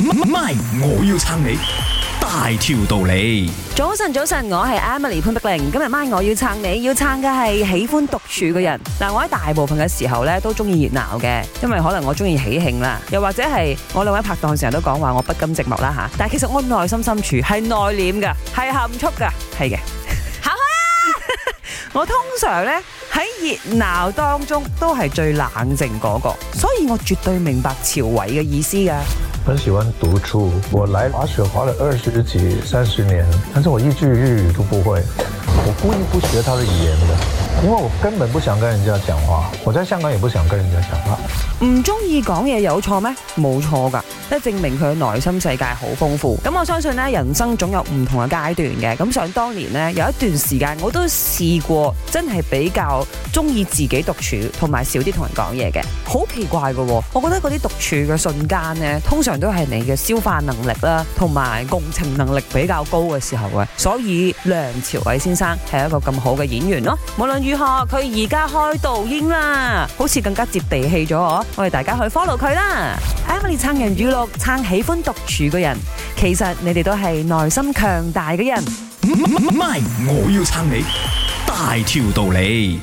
咪，我要撐你大條道理。早晨，早晨，我係 Emily 潘碧玲。今日咪，我要撐你要撐嘅係喜歡獨處嘅人嗱。我喺大部分嘅時候咧都中意熱鬧嘅，因為可能我中意喜慶啦，又或者係我兩位拍檔成日都講話我不甘寂寞啦吓。但係其實我內心深處係內斂噶，係含蓄噶，係嘅。行開啊！我通常咧喺熱鬧當中都係最冷靜嗰個，所以我絕對明白朝偉嘅意思噶。很喜歡獨處。我來滑雪滑了二十幾、三十年，但是我一句日語都不會。我故意不學他的語言的。因為我根本不想跟人家講話，我在香港也不想跟人家講話。唔中意講嘢有錯咩？冇錯㗎，即係證明佢內心世界好豐富。咁我相信咧，人生總有唔同嘅階段嘅。咁想當年咧，有一段時間我都試過，真係比較中意自己獨處，同埋少啲同人講嘢嘅。好奇怪嘅，我覺得嗰啲獨處嘅瞬間咧，通常都係你嘅消化能力啦，同埋共情能力比較高嘅時候啊。所以梁朝偉先生係一個咁好嘅演員咯，無論。如何？佢而家開抖音啦，好似更加接地氣咗。我哋大家去 follow 佢啦。喺我哋 l 撐人語錄，撐喜歡獨處嘅人，其實你哋都係內心強大嘅人。唔係，我要撐你，大條道理。